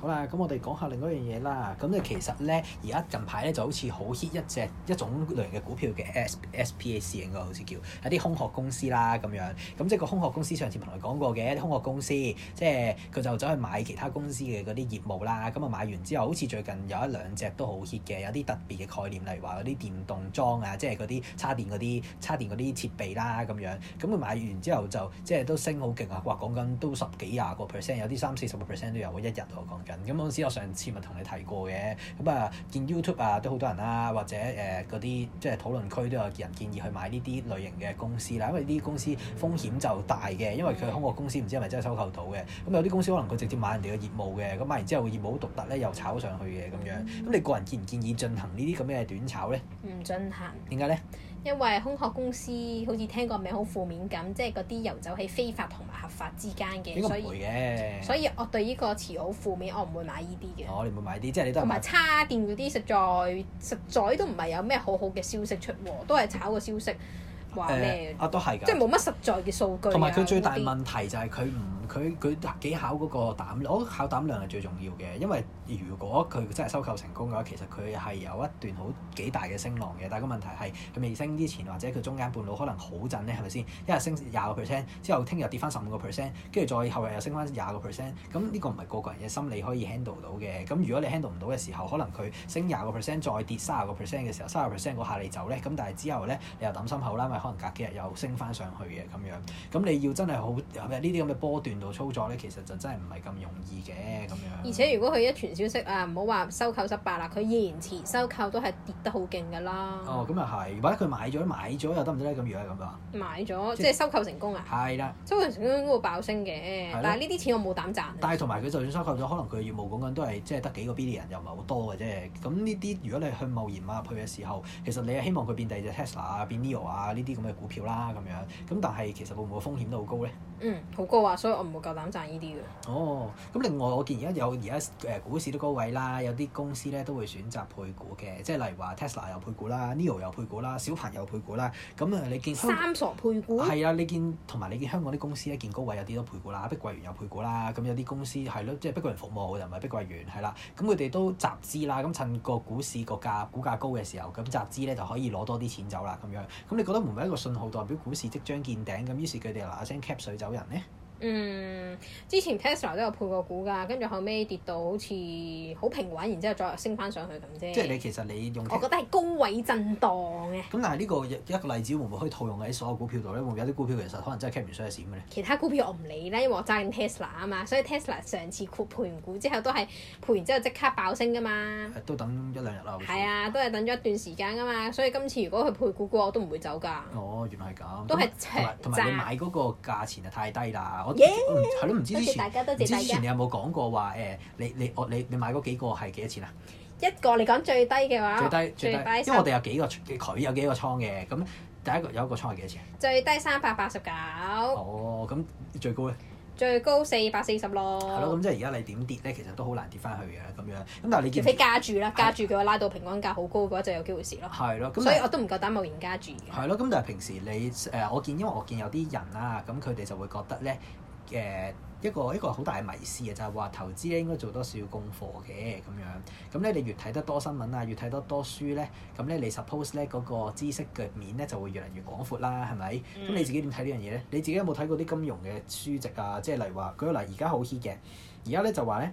好啦，咁我哋講下另一樣嘢啦。咁咧其實咧，而家近排咧就好似好 hit 一隻一種類型嘅股票嘅 SPAC 應該好似叫一啲空殼公司啦咁樣。咁即係個空殼公司上次同你講過嘅，一啲空殼公司即係佢就走去買其他公司嘅嗰啲業務啦。咁啊買完之後，好似最近有一兩隻都好 hit 嘅，有啲特別嘅概念，例如話嗰啲電動裝啊，即係嗰啲叉電嗰啲叉電啲設備啦咁樣。咁佢買完之後就即係都升好勁啊！哇，講緊都十幾廿個 percent，有啲三四十個 percent 都有喎，一日我講。咁嗰陣我上次咪同你提過嘅，咁啊見 YouTube 啊都好多人啦、啊，或者誒嗰啲即係討論區都有人建議去買呢啲類型嘅公司啦，因為呢啲公司風險就大嘅，因為佢空殼公司唔知係咪真係收購到嘅，咁有啲公司可能佢直接買人哋嘅業務嘅，咁買完之後業務好獨特咧，又炒上去嘅咁樣，咁你個人建唔建議進行呢啲咁嘅短炒咧？唔進行。點解咧？因為空殼公司好似聽個名好負面咁，即係嗰啲遊走喺非法同埋合法之間嘅，所以所以我對呢個詞好負面，我唔會買呢啲嘅。我哋唔會買啲，即係你都係同埋叉電嗰啲，實在實在都唔係有咩好好嘅消息出喎，都係炒個消息話咩、呃？啊，都係㗎，即係冇乜實在嘅數據、啊。同埋佢最大問題就係佢唔。佢佢幾考嗰個膽量，我考膽量係最重要嘅，因為如果佢真係收購成功嘅話，其實佢係有一段好幾大嘅升浪嘅。但係個問題係佢未升之前，或者佢中間半路可能好震咧，係咪先？一日升廿個 percent，之後聽日跌翻十五個 percent，跟住再後日又升翻廿個 percent，咁呢個唔係個個人嘅心理可以 handle 到嘅。咁如果你 handle 唔到嘅時候，可能佢升廿個 percent 再跌卅個 percent 嘅時候，卅個 percent 嗰下你走咧，咁但係之後咧你又揼心口啦，咪可能隔幾日又升翻上去嘅咁樣。咁你要真係好咩呢啲咁嘅波段度操作咧，其實就真係唔係咁容易嘅咁樣。而且如果佢一傳消息啊，唔好話收購失敗啦，佢延遲收購都係跌得好勁㗎啦。哦，咁又係，或者佢買咗買咗又得唔得咧？咁如果係咁樣，買咗了即係收購成功啊？係啦了，收購成功會爆升嘅，了但係呢啲錢我冇膽賺。但係同埋佢就算收購咗，可能佢業務講緊都係即係得幾個 billion，又唔係好多嘅啫。咁呢啲如果你去貿然買入去嘅時候，其實你係希望佢變第二隻 Tesla 啊，變 Nio 啊呢啲咁嘅股票啦咁樣。咁但係其實會唔會風險都好高咧？嗯，好高啊，所以我。冇夠膽賺呢啲嘅哦。咁另外，我見而家有而家誒股市都高位啦，有啲公司咧都會選擇配股嘅，即係例如話 Tesla 有配股啦，NIO 有配股啦，小鵬有配股啦。咁啊，啊，你見三傻配股係啊，你見同埋你見香港啲公司一見高位有啲都配股啦，碧桂園有配股啦。咁有啲公司係咯、啊，即係碧桂園服務又唔係碧桂園係、啊、啦。咁佢哋都集資啦，咁趁個股市個價股價高嘅時候，咁集資咧就可以攞多啲錢走啦。咁樣咁你覺得唔係一個信號代表股市即將見頂咁？於是佢哋嗱嗱聲 cap 水走人咧？嗯，之前 Tesla 都有配過股噶，跟住後尾跌到好似好平穩，然之後再升翻上去咁啫。即係你其實你用、C，我覺得係高位震盪嘅、啊。咁但係呢個一個例子會唔會可以套用喺所有股票度咧？會唔會有啲股票其實可能真係 keep 唔上嘅錢嘅咧？其他股票我唔理啦，因為我揸緊 Tesla 啊嘛，所以 Tesla 上次括盤股之後都係盤完之後即刻爆升噶嘛。都等一兩日啦。係啊，都係等咗一段時間噶嘛，所以今次如果佢配股嘅話，我都唔會走㗎。哦，原來係咁。都係長揸。同埋你買嗰個價錢就太低啦。耶！係咯 Yeah.，唔 知之前，大家大家之前你有冇講過話誒、呃？你你我你你，你買嗰幾個係幾多錢啊？一個你講最低嘅話最低，最低最低，因為我哋有幾個佢有幾個倉嘅，咁第一個有一個倉係幾多錢？最低三百八十九。哦，咁最高咧？最高四百四十咯。係咯，咁即係而家你點跌咧？其實都好難跌翻去嘅咁樣。咁但係你除非加住啦，的加住佢話拉到平均價好高嘅話就有機會蝕咯。係咯，咁、就是、所以我都唔夠膽貿然加住。係咯，咁但係平時你誒、呃，我見因為我見有啲人啦、啊，咁佢哋就會覺得咧。誒一個一個好大嘅迷思啊，就係、是、話投資咧應該做多少功課嘅咁樣。咁咧你越睇得多新聞啊，越睇得多書咧，咁咧你 suppose 咧嗰個知識嘅面咧就會越嚟越廣闊啦，係咪？咁、嗯、你自己點睇呢樣嘢咧？你自己有冇睇過啲金融嘅書籍啊？即係例如話，舉個例，而家好 heat 嘅，而家咧就話咧。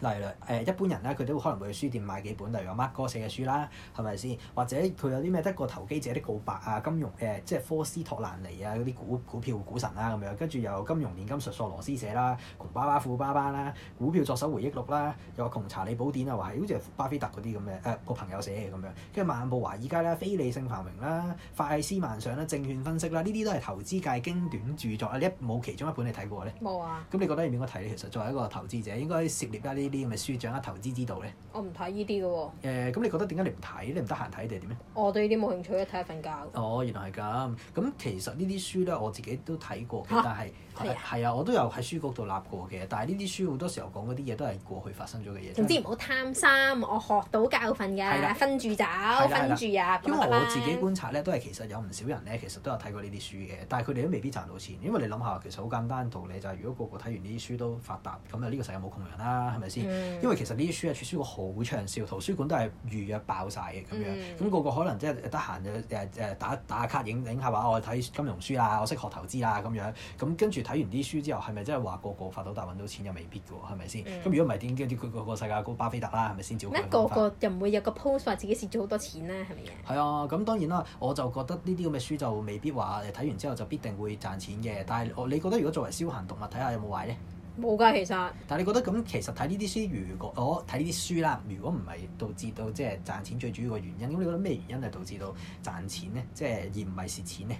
例如一般人咧，佢都可能會去書店買幾本，例如有馬哥寫嘅書啦，係咪先？或者佢有啲咩得過投機者的告白啊、金融誒即係科斯托蘭尼啊嗰啲股股票股神啦、啊、咁樣，跟住又金融煉金術索羅斯寫啦、窮爸爸富爸爸啦、股票作手回憶錄啦，又有個窮查理寶典啊，話係好似巴菲特嗰啲咁嘅誒個朋友寫嘅咁樣，跟住漫步華爾街啦、非理性繁榮啦、快思慢想啦、證券分析啦，呢啲都係投資界經典著作啊！你一冇其中一本你睇過咧？冇啊！咁你覺得你點樣睇？咧？其實作為一個投資者，應該涉獵一啲。呢啲係咪書掌握投資之道咧，我唔睇呢啲嘅喎。咁、呃、你覺得點解你唔睇？你唔得閒睇定係點咧？我對呢啲冇興趣，睇下瞓覺。哦，原來係咁。咁其實呢啲書咧，我自己都睇過嘅，但係係啊，我都有喺書局度立過嘅。但係呢啲書好多時候講嗰啲嘢都係過去發生咗嘅嘢。總之唔好貪心，我學到教訓㗎，啊、分住走，啊、分住啊。啊啊因為我自己觀察咧，都係其實有唔少人咧，其實都有睇過呢啲書嘅，但係佢哋都未必賺到錢。因為你諗下，其實好簡單道理就係、是，如果個個睇完呢啲書都發達，咁啊呢個世界冇窮人啦，係咪？因為其實呢啲書係，出書個好長少，圖書館都係預約爆晒嘅咁樣，咁個個可能即係得閒誒誒誒打打，打卡下卡影影下話，我睇金融書啊，我識學投資啊咁樣，咁跟住睇完啲書之後，係咪真係話個個發到達揾到錢又未必嘅喎？係咪先？咁如果唔係點知佢個個世界哥巴菲特啦，係咪先？照個個又唔會有個 post 話自己蝕咗好多錢咧，係咪啊？係啊，咁當然啦，我就覺得呢啲咁嘅書就未必話睇完之後就必定會賺錢嘅，但係我你覺得如果作為消閒讀物睇下有冇壞咧？冇㗎，其實。但係你覺得咁，其實睇呢啲書，如果我睇呢啲書啦，如果唔係導致到即係賺錢最主要嘅原因，咁你覺得咩原因係導致到賺錢咧？即係而唔係蝕錢咧？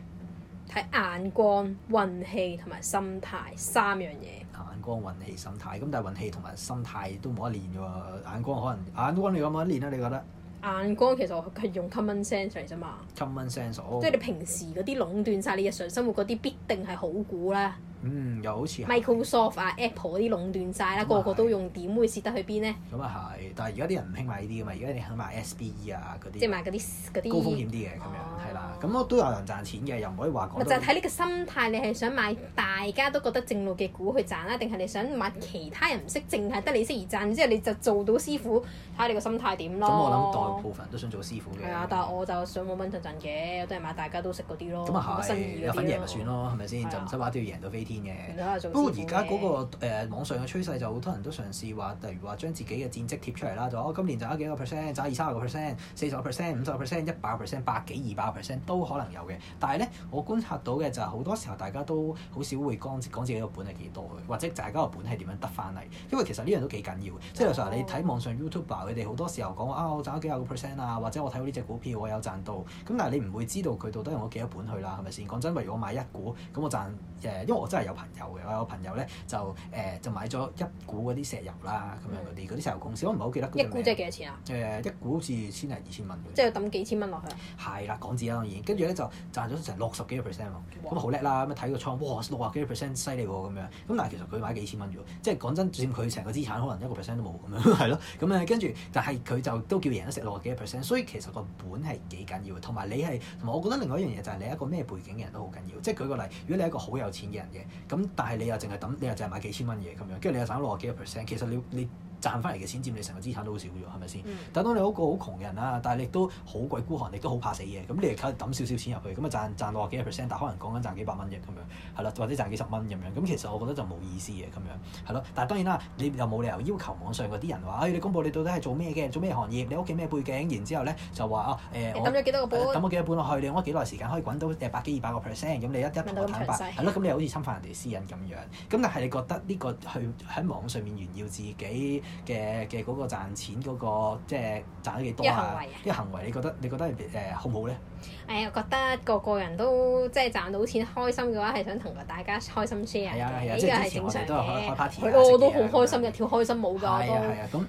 睇眼光、運氣同埋心態三樣嘢。眼光、運氣、心態，咁但係運氣同埋心態都冇得練㗎喎。眼光可能眼光你有冇得練啊？你覺得？眼光其實係用 common sense 嚟啫嘛。common sense 哦。即係你平時嗰啲壟斷晒你日常生活嗰啲，必定係好股啦。嗯，又好似 Microsoft 啊、Apple 嗰啲壟斷曬啦，個個都用點會蝕得去邊呢？咁啊係，但係而家啲人唔興買呢啲噶嘛，而家你肯買 SBE 啊嗰啲，即係買嗰啲啲高風險啲嘅咁樣，係啦，咁都有人賺錢嘅，又唔可以話講。咪就係睇你嘅心態，你係想買大家都覺得正路嘅股去賺啦，定係你想買其他人唔識，淨係得你識而賺？之後你就做到師傅，睇下你個心態點咯。咁我諗大部分人都想做師傅嘅。係啊，但係我就想穩穩陣陣嘅，都係買大家都識嗰啲咯。咁啊係，有天贏咪算咯，係咪先？就唔使玩都要贏到飛。嘅，不過而家嗰個誒、呃、網上嘅趨勢就好多人都嘗試話，例如話將自己嘅戰績貼出嚟啦，就、哦、今年賺咗幾個 percent，賺二三十個 percent，四十個 percent，五十個 percent，一百個 percent，百幾二百個 percent 都可能有嘅。但係咧，我觀察到嘅就係、是、好多時候大家都好少會講講自己個本係幾多嘅，或者就係嗰個本係點樣得翻嚟，因為其實呢樣都幾緊要。即係、哦、有時候你睇網上 YouTuber 佢哋好多時候講啊，我賺咗幾廿個 percent 啊，或者我睇到呢隻股票我有賺到，咁但係你唔會知道佢到底用咗幾多本去啦，係咪先？講真，例如我買一股咁我賺因為我真。有朋友嘅，我有朋友咧就誒、呃、就買咗一股嗰啲石油啦，咁樣佢嗰啲石油公司，我唔係好記得。一股即係幾多錢啊？誒、呃，一股好似千零二千蚊。即係抌幾千蚊落去。係啦，港紙啦當然，跟住咧就賺咗成六十幾個 percent 咁啊好叻啦，咁啊睇個倉，哇，六十幾個 percent 犀利喎咁樣。咁但係其實佢買幾千蚊啫喎，即係講真，佔佢成個資產可能一個 percent 都冇咁樣，係 咯。咁啊跟住，但係佢就都叫贏得成六十幾個 percent，所以其實個本係幾緊要，同埋你係同埋我覺得另外一樣嘢就係你一個咩背景嘅人都好緊要。即係舉個例，如果你係一個好有錢嘅人嘅。咁但係你又淨係等，你又淨係買幾千蚊嘢咁樣，跟住你又省咗六十幾個 percent。其實你你。賺翻嚟嘅錢佔你成個資產都好少啫，係咪先？等到、嗯、你一個好窮嘅人啦、啊，但係你都好鬼孤寒，你都好怕死嘅，咁你係抌少，少少錢入去，咁啊賺賺到幾多 percent，但可能講緊賺幾百蚊啫咁樣，係咯，或者賺幾十蚊咁樣，咁其實我覺得就冇意思嘅咁樣，係咯。但當然啦，你又冇理由要求網上嗰啲人話、哎，你公布你到底係做咩嘅，做咩行業，你屋企咩背景，然之後咧就話啊，誒、呃，抌咗幾多個，抌咗幾多半落去，你用咗幾耐時間可以滾到百幾二百個 percent，咁、嗯、你一一同我坦白，係咯，咁你又好似侵犯人哋私隱咁樣。咁但係你覺得呢個去喺網上面炫耀自己？嘅嘅嗰個賺錢嗰、那個即係賺得幾多啊？啲行為，啲行為你，你覺得你覺得誒好唔好咧？誒、哎，我覺得個個人都即係、就是、賺到錢，開心嘅話係想同大家開心 share 嘅，呢個係正常嘅。係咯，我、啊啊啊、都係開 party，都好開心嘅，樣跳開心舞㗎，都啊，咁、啊。都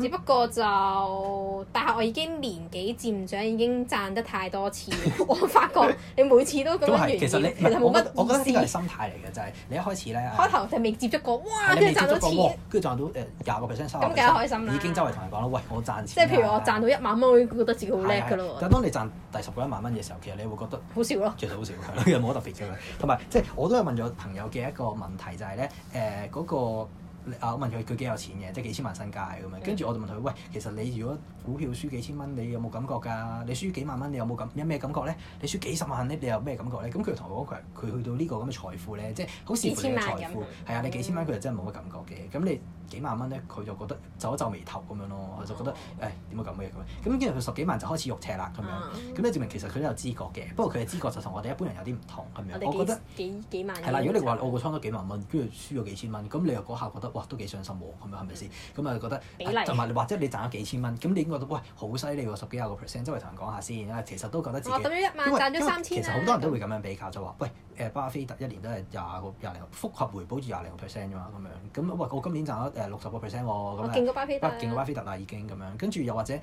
只不過就，但係我已經年紀漸長，已經賺得太多錢， 我發覺你每次都咁樣完結，其實你其實冇乜意思。我覺得呢個係心態嚟嘅，就係、是、你一開始咧。開頭就未接觸過，哇，跟住賺到錢，跟住仲到都廿個 percent 收，咁幾開心啦、啊！已經周圍同人講啦，喂，我賺錢。即係譬如我賺到一萬蚊，我覺得自己好叻㗎啦喎！但係當你賺第十個一萬蚊嘅時候，其實你會覺得好少咯。其實好少，係冇特別嘅。同埋即係我都係問咗朋友嘅一個問題，就係咧誒嗰個。啊！我問佢佢幾有錢嘅，即係幾千萬身家咁樣。跟住、嗯、我就問佢：喂，其實你如果股票輸幾千蚊，你有冇感覺㗎？你輸幾萬蚊，你有冇感有咩感覺咧？你輸幾十萬咧，你有咩感覺咧？咁佢同我講：佢去到呢個咁嘅財富咧，即係好視乎你嘅財富，幾千萬咁樣。」係啊，你幾千蚊佢就真係冇乜感覺嘅。咁你，幾萬蚊咧，佢就覺得皺一皺眉頭咁樣咯，我、嗯、就覺得誒點啊咁嘅嘢咁，咁跟住佢十幾萬就開始肉赤啦咁樣，咁你、嗯、證明其實佢都有知覺嘅，不過佢嘅知覺就同我哋一般人有啲唔同咁樣。我，我覺得幾幾，幾萬。係啦，如果你話我個倉都幾萬蚊，跟住輸咗幾千蚊，咁你又嗰下覺得哇都幾傷心喎，咁樣係咪先？咁啊、嗯、覺得。比例。同埋你或者你賺咗幾千蚊，咁你應該覺得：「喂好犀利喎，十幾廿個 percent，周圍同人講下先其實都覺得自己。哦，揼咗其實好多人都會咁樣比較，就話、啊、喂、呃、巴菲特一年都係廿個廿零複合回報至廿零 percent 㗎咁樣，咁喂我今年賺咗。誒六十個 percent 喎，咁啊，勁過巴菲特啦已經咁樣，跟住又或者誒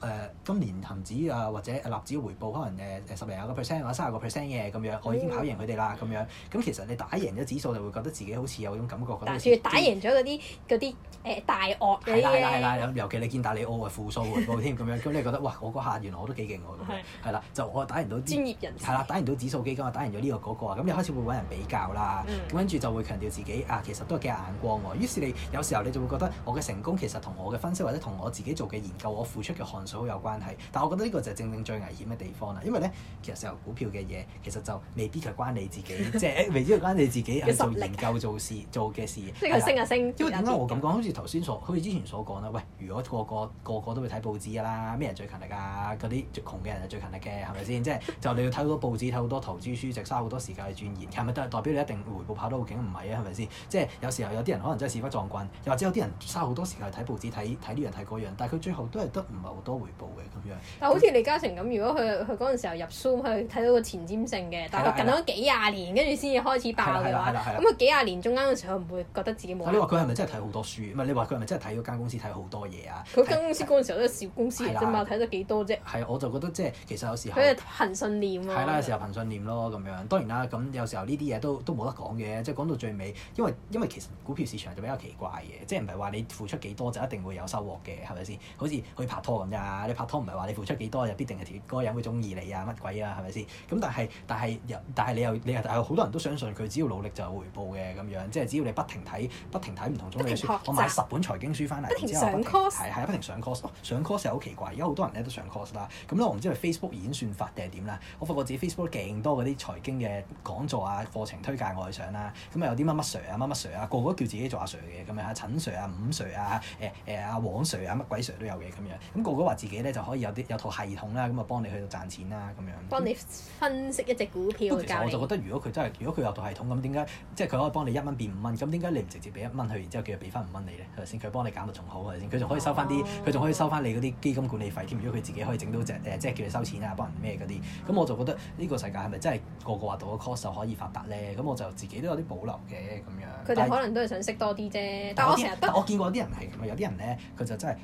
誒今年恆指啊或者納指回報可能誒誒十零廿個 percent 或者卅個 percent 嘅咁樣，我已經跑贏佢哋啦咁樣。咁其實你打贏咗指數就會覺得自己好似有種感覺，覺得打贏咗嗰啲啲誒大鱷嘅。係啦係啦，尤其你見達利歐係負數回報添，咁樣咁你覺得哇！我嗰下原來我都幾勁喎，係啦，就我打贏到專業人士啦，打贏到指數基金打贏咗呢個嗰個咁你開始會揾人比較啦，咁跟住就會強調自己啊，其實都幾有眼光喎。於是你有時候你就會覺得我嘅成功其實同我嘅分析或者同我自己做嘅研究、我付出嘅汗水好有關係。但我覺得呢個就正正最危險嘅地方啦，因為咧其實石油股票嘅嘢其實就未必係關你自己，即係 未必係關你自己啊做研究做、 做事、做嘅事。 吧即係升啊升，升，升，升！因為點解我咁講？好似頭先所，好似之前所講啦。喂，如果個個個個都會睇報紙嘅啦，咩人最勤力啊？嗰啲窮嘅人係最勤力嘅，係咪先？即係 就，就你要睇好多報紙，睇好多投資書籍，嘥好多時間去鑽研，係咪都代代表你一定回報跑得好勁？唔係啊，係咪先？即、就、係、是、有時候有啲人可能真係屎窟撞棍。又或者有啲人嘥好多時間去睇報紙、睇睇呢樣睇嗰樣，但係佢最後都係得唔係好多回報嘅咁樣。但好似李嘉誠咁，如果佢佢嗰陣時候入書去睇到個前瞻性嘅，大概了近咗幾廿年，跟住先至開始爆嘅話，咁佢幾廿年中間嘅時候，唔會覺得自己冇。你話佢係咪真係睇好多書？唔係，你話佢係咪真係睇嗰間公司睇好多嘢啊？佢間公司嗰陣時候都係小公司嚟啫嘛，睇了得幾多啫？係我就覺得即係其實有時候佢係憑信念啊。係啦了，有時候憑信念咯咁樣。當然啦，咁有時候呢啲嘢都都冇得講嘅，即係講到最尾，因為因為其實股票市場就比較奇怪。即係唔係話你付出幾多就一定會有收穫嘅係咪先？好似去拍拖咁咋，你拍拖唔係話你付出幾多就必定係條嗰個人會鍾意你啊乜鬼啊係咪先？咁但係但係又但係你又你又好多人都相信佢只要努力就有回報嘅咁樣，即係只要你不停睇不停睇唔同種類書，停我買十本財經書翻嚟停、啊，不停上 course 係不停上 course 上 course 好奇怪，而家好多人呢都上 course 啦。咁我唔知係 Facebook 演算法定係點啦，我發覺自己 Facebook 勁多嗰啲財經嘅講座啊課程推介我去上啦、啊。咁啊有啲乜乜 Sir 啊乜乜 Sir 啊個個都叫自己做阿 Sir 嘅咁樣。診 Sir 啊、五 Sir 啊、誒誒阿黃 Sir 啊、乜鬼 Sir 都有嘅咁樣，咁個個話自己咧就可以有啲有套系統啦、啊，咁啊幫你去到賺錢啦、啊、咁樣。幫你分析一隻股票我就覺得如果佢真係，如果佢有套系統咁，點解即係佢可以幫你一蚊變五蚊？咁點解你唔直接俾一蚊佢，然之後叫佢俾翻五蚊你咧？係咪先？佢幫你揀到仲好，係咪先？佢仲可以收翻啲，佢仲、oh. 可以收翻你嗰啲基金管理費添。如果佢自己可以整到隻即係叫收錢啊，幫人咩嗰啲，咁我就覺得呢個世界係咪真係個個話讀咗 course 就可以發達咧？咁我就自己都有啲保留嘅咁樣。佢哋他們 但可能都係想識多啲啫。有啲人我見，我見過，有啲人係咁啊！有啲人咧，佢就真係。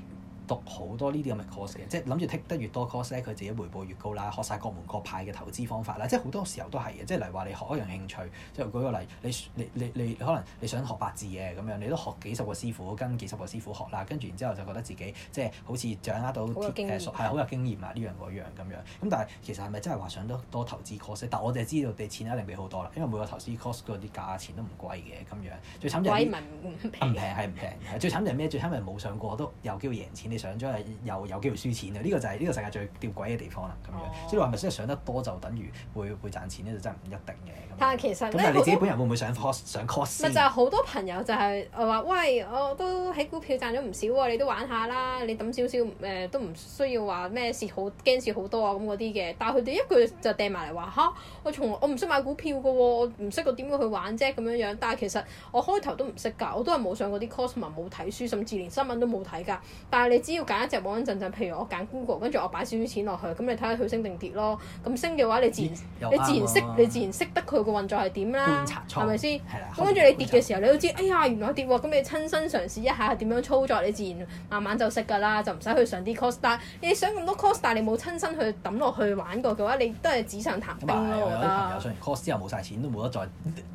讀好多呢啲咁嘅 course 嘅，即係諗住剔得越多 course 咧，佢自己回報越高啦。學晒各門各派嘅投資方法啦，即係好多時候都係嘅。即係例如話你學一樣興趣，即係舉個例，你你你你可能你想學八字嘅咁樣，你都學幾十個師傅，跟幾十個師傅學啦，跟住然之後就覺得自己即係好似掌握到 t e 係好有經驗啦呢樣嗰樣咁樣。咁但係其實係咪真係話想得多投資 course？但係我哋知道你錢一定俾好多啦，因為每個投資 course 嗰啲價錢都唔貴嘅咁樣。最慘就係唔平，係唔平，最慘就係咩？最慘咪冇上過都有機會贏錢。上咗係又有機會輸錢嘅，呢、這個就係、是、呢、這個世界最吊詭嘅地方啦，咁樣。哦、所以話咪真係上得多就等於會會賺錢呢就真係唔一定嘅。但係其實咧，樣多你自己本人會唔會上 course 上 course 先咪就係好多朋友就係、是、我話喂，我都喺股票賺咗唔少喎、啊，你都玩下啦，你抌少少誒都唔需要話咩蝕好驚蝕好多啊咁嗰啲嘅。但係佢哋一句就掟埋嚟話吓，我從來我唔識買股票嘅喎、啊，我唔識我點樣去玩啫、啊、咁樣樣。但係其實我開頭都唔識㗎，我都係冇上過啲 course 同埋冇睇書，甚至連新聞都冇睇㗎。但係你。只要揀一隻穩穩陣陣，譬如我揀 Google，跟住我擺少少錢落去，咁你睇下佢升定跌咯。咁升嘅話，你自然、啊、你自然識，你自然識得佢個運作係點啦，係咪先？咁跟住你跌嘅時候，察你都知，哎呀，原來跌喎。咁你親身嘗試一下係點樣操作，你自然慢慢就識㗎啦，就唔使去上啲 course。但你想咁多 course，但你冇親身去抌落去玩過嘅話，你都係紙上談兵咯㗎。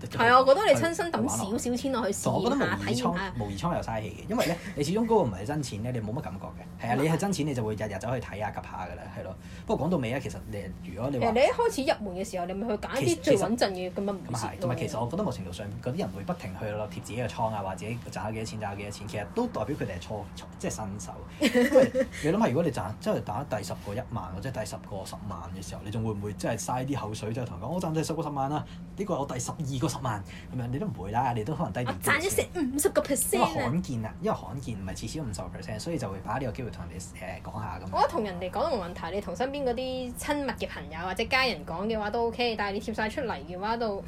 係啊，我覺得你親身抌少少少錢落去試下睇倉，我覺得模擬倉又嘥氣嘅，因為咧你始終嗰個唔係真錢咧，你冇乜感覺。 覺係啊！你係真錢你就會日日走去睇下、及下噶啦，係咯。不過講到尾啊，其實你，如果你話你一開始入門嘅時候，你咪去揀啲最穩陣嘅，咁啊唔係同埋其實我覺得某程度上嗰啲人會不停去咯，貼自己嘅倉啊，或者自己賺咗幾多錢，賺咗幾多錢，其實都代表佢哋係初即係新手。你諗下，如果你賺即係打第十個一萬，或者第十個十萬嘅時候，你仲會唔會真係嘥啲口水，即係同人講我賺第十個十萬啦，呢個我第十二個十萬，咁樣你都唔會啦，你都可能低點。賺咗成五十個 percent。咁啊罕見啊，因為罕見唔係次次五十個 percent，所以就會。打呢個機會同人哋誒講下咁。我覺得同人哋講都冇問題，嗯、你同身邊嗰啲親密嘅朋友或者家人講嘅話都 OK，但係你貼晒出嚟嘅話，都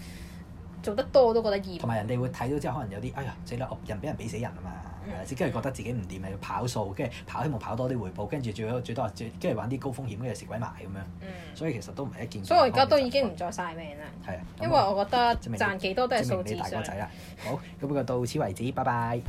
做得多都覺得厭。同埋人哋會睇到之後，可能有啲哎呀死啦！人俾人俾死人啊嘛，跟住、嗯、覺得自己唔掂，要跑數，跟住跑希望跑多啲回報，跟住最好最多最跟住玩啲高風險嘅蝕鬼埋咁樣。嗯、所以其實都唔係一件。所以我而家都已經唔再晒命啦。係啊、就是。的因為我，我覺得賺幾你多都係數字。大個仔啦，好咁，不過到此為止，拜拜。